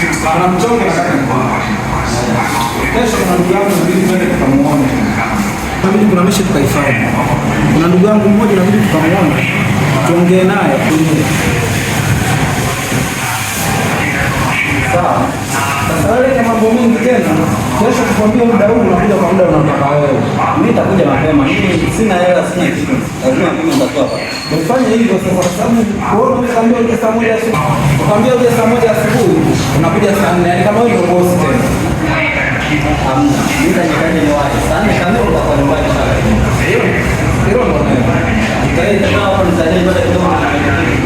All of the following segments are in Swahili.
Kuna mchongo na Kesho kuna ndugu yangu mbili mbele tukamuona. Mimi kuna mishi tukaifanya. Kuna ndugu yangu mmoja na mbili tukamuona. Tuongee naye. Sawa. Analeta mambo mingi tena. Kesho tukwambia muda huu unakuja kwa muda unataka wewe. Mimi nitakuja mapema. Sina hela, sina kitu. Lazima mimi nitatoa. Ufanye hivyo kwa sababu wewe unakwambia uje saa moja asubuhi. Unakwambia uje saa moja asubuhi, unakuja saa 4 yaani kama wewe boss tena. Hamna. Mimi nitaje ni wapi? Saa 4 kamili utakuwa nyumbani sana. Ndio. Ndio ndio. Nitaenda hapo nitaje kidogo.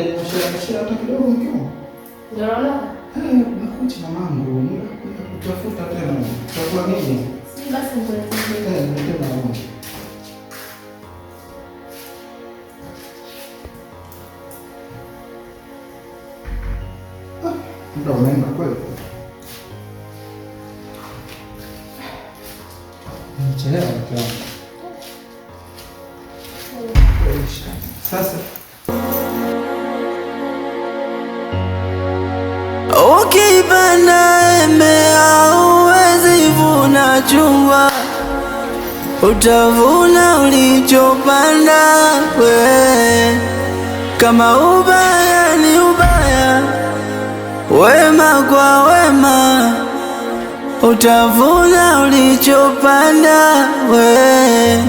Najashirashira hata kidogo nyuma. Ndorola? Eh, nakuti mamangu, nikakuja kutafuta tena. Utakuwa nini? Si basi ngoja. Eh, nitaenda hapo. Ndio unaenda ah, kweli? Nimechelewa mke wangu. Sasa panaemea uwezi vuna chungwa, utavuna ulichopanda we. Kama ubaya ni ubaya, wema kwa wema, utavuna ulichopanda we.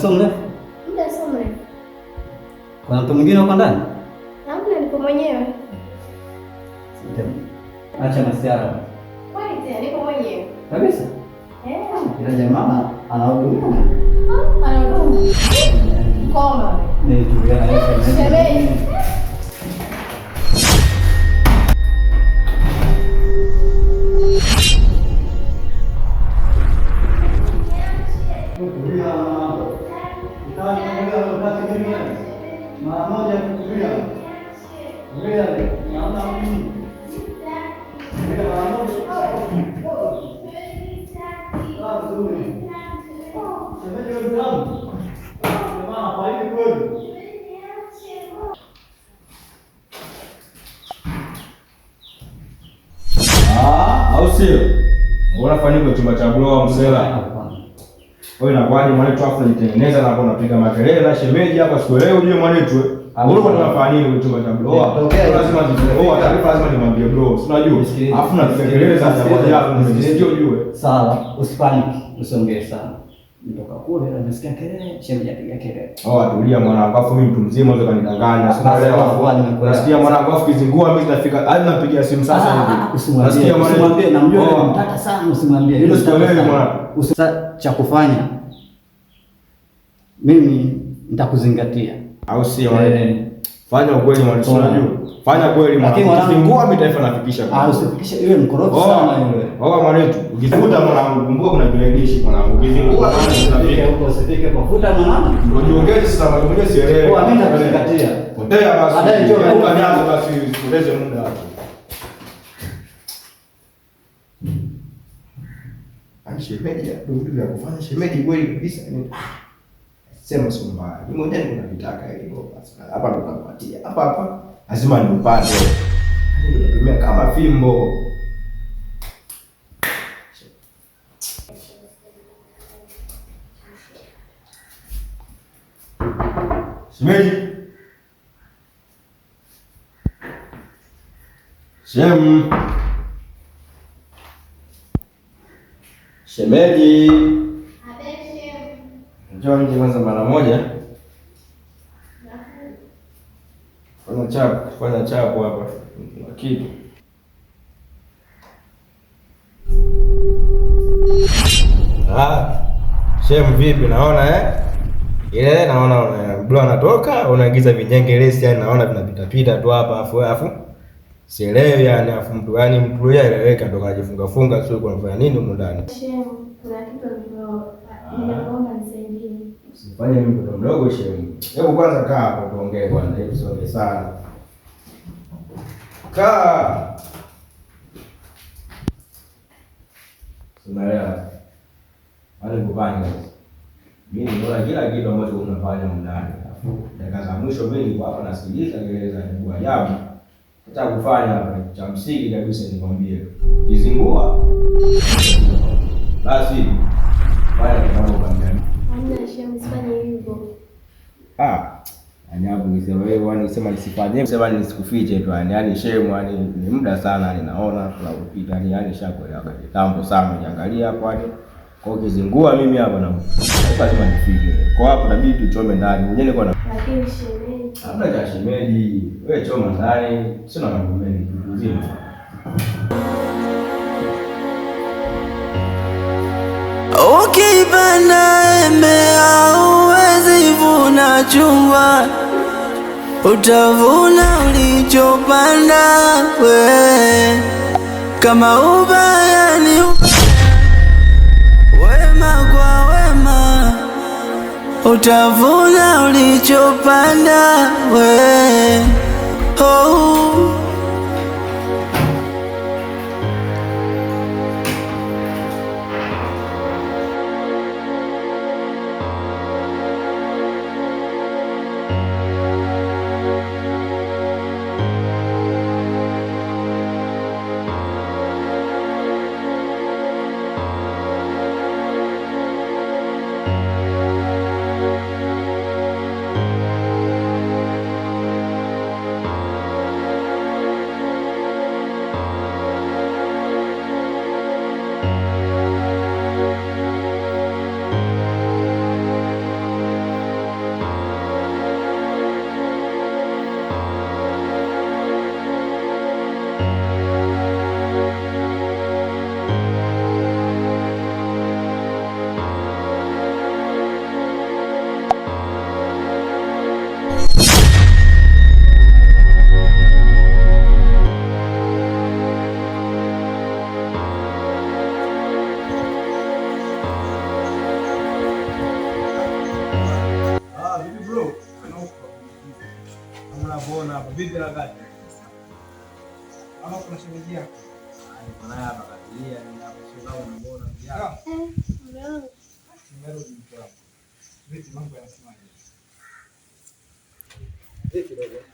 sio mrefu, muda sio mrefu. Kuna mtu mwingine huko ndani? Hamna, niko mwenyewe. Acha masiara. Kwani tena niko mwenyewe kabisa. Eh, ila jamaa anahudumia. Anahudumia. Koma. Ndio, ndio. basi mimi mara moja kuzuia zuia naona mimi ile mara moja nzuri ah, semeje wenzangu jamaa kwa hivi kweli ah, au sio? Unafanyika chumba cha bro wa msela wewe inakuwaje mwanetu afu unajitengeneza na hapo unapiga makelele na shemeji hapa siku leo ujue mwanetu. Ulikuwa eh. unafanya nini mtu mtata bro? Lazima zizoa oh, taarifa lazima nimwambie bro. Si unajua? Alafu na kelele za moja hapo unajisikia ujue. Sawa, usipaniki, usiongee sana. Nitoka kule na nasikia kelele, shemeji apiga kelele. Oh, atulia mwanangu, afu mimi mtu mzima unaweza kanidanganya. Sasa leo nasikia mwanangu afu kizingua mimi nitafika hadi nampigia simu sasa ah, hivi. Usimwambie, usimwambie namjua oh. mtaka sana usimwambie. Hilo sikuelewi mwanangu usa cha kufanya mimi nitakuzingatia, au sio? Yaani, eh. Fanya ukweli unajua fanya kweli mwanangu, ukifungua mimi taifa nafikisha kwa. Ah, usifikisha ile mkorofi oh, sana yule. Oa oh, mwanetu, ukifuta mwanangu, kumbuka kuna vilegeshi mwanangu. Ukifungua ah, unafika huko, usifike kwa futa mwanangu. Ndio jiongeze sasa, mwanangu, sielewe. Kwa nini nitakuzingatia. Potea basi. Hata njoo yaani basi, uleze muda hapo. shemeji vitu vya kufanya shemeji kweli kabisa, sema sio ni mwenyewe ndo navitaka hivyo. Basi hapa ndo napatia hapa hapa, lazima niupate, yaani ndio kama fimbo. Shemeji shem Shemeji, njoo nje kwanza mara moja. Fanya chapu, fanya chapu hapa na kitu ah, Shem, vipi? Naona eh? Ile naona eh, bro anatoka, unaagiza vinyengelesi, yani naona pita tu hapa afu afu Sielewi yani, afu mtu yani mtu yeye aeleweka ndo kajifunga funga sio kwa kufanya nini huko ndani. Shemu, kuna ah. Usifanye mimi mtoto mdogo shemu. Hebu kwanza kaa hapo tuongee bwana, hebu sio sana. Kaa. Unaelewa? Wale kubanya. Mimi ndio kila kitu ambacho unafanya ndani. dakika za mwisho mimi niko hapa nasikiliza kelele za ajabu cha kufanya cha msingi kabisa nikwambie, kizingua basi fanya kitakachokwambia. Hamna shem, sifanye hivyo. Ah, anyabu yaani nisema wewe, wani sema nisifanye, sema nisikufiche tu, yani yani shemu yani ni muda sana, ninaona yaani kuna kupita, yani yani shakuelewa kwa kitambo sana, niangalia hapo yani kwa kizingua mimi hapa na sasa lazima nifike kwa hapo, inabidi tuchome ndani mwenyewe, kwa na lakini shemu Labda cha shemeji, we choma ndani, sina mambo mengi mzima. Ukipanda embe hauwezi vuna chungwa, utavuna ulichopanda we, Kama ubaya ni ubaya utavuna ulichopanda we oh.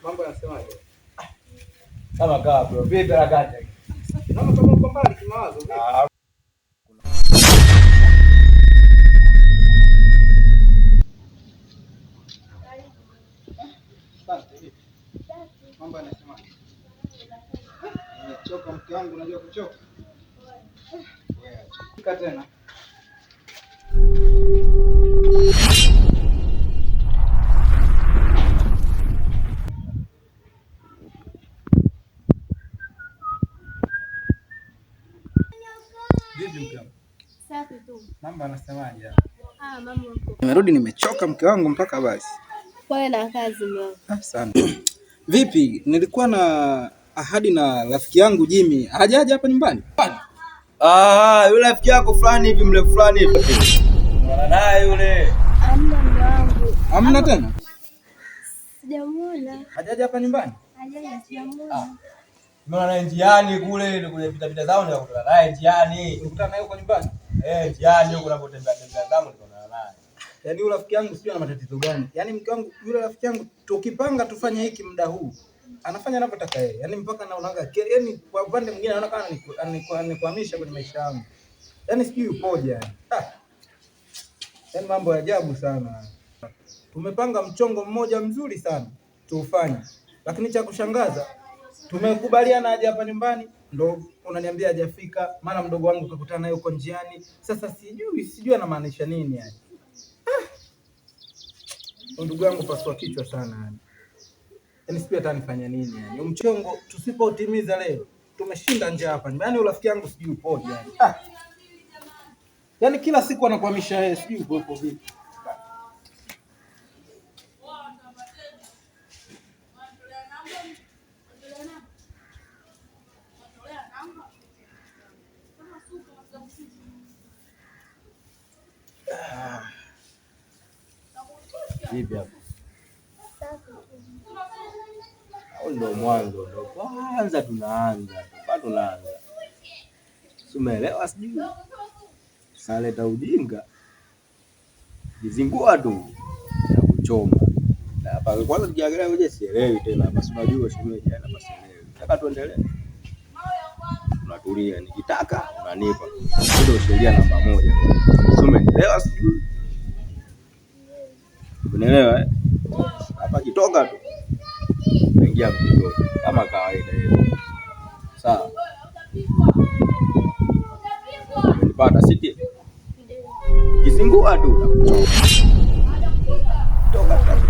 Mambo yanasemaje? Nimechoka mke wangu, unajua kuchoka. Wewe tena. Mama anasemaje? Ah, mama. Nimerudi nimechoka mke wangu mpaka basi. Pole na kazi mimi. Asante. Vipi, nilikuwa na Ahadi na rafiki yangu Jimmy hajaja hapa nyumbani? Ah, yule rafiki yako fulani hivi mle fulani hivi. Mwana naye yule. Amna mume wangu. Hamna tena? Sijamuona. Hajaja hapa nyumbani? Hajaja, sijamuona. Ah. Mwana naye njiani kule, kule pita pita zao ndio kukutana naye njiani. Nikutana naye huko nyumbani? Eh, njiani huko kutembea tembea zao zangu nikaona naye. Yaani yule rafiki yangu sio na matatizo gani? Yaani mke wangu yule rafiki yangu tukipanga tufanye hiki muda huu anafanya anavyotaka yeye, Yaani mpaka anaonaga akili. Yani kwa upande mwingine anaona kama anikwamisha kwenye maisha yangu, Yaani sijui upoje, yani ah! yani mambo ya ajabu sana. Tumepanga mchongo mmoja mzuri sana tuufanye, lakini cha kushangaza tumekubaliana aje hapa nyumbani, ndo unaniambia hajafika, maana mdogo wangu kakutana naye uko njiani. Sasa sijui sijui anamaanisha nini yani. Ah! Ndugu yangu pasua kichwa sana yani yani sijui hata nifanye nini yani. Mchongo tusipotimiza leo tumeshinda nje hapa. Yaani urafiki yangu sijui upo yani. Ah. Yaani kila siku anakuhamisha yeye sijui upo upo vipi. Ah. Vipi hapo? ndo mwanzo ndo kwanza tunaanza bado tunaanza, umeelewa? Sijui saleta ujinga jizingua tu na kuchoma hapa. Kwanza tukiangalia wewe, sielewi tena hapa, si unajua shemeji ana sielewi. Nataka tuendelee, unatulia, nikitaka unanipa, ndio sheria namba moja. Umeelewa? Sijui unaelewa eh? hapa, kitoka tu jambo kidogo kama kawaida hiyo. Sawa, nipata siti kizingua tu toka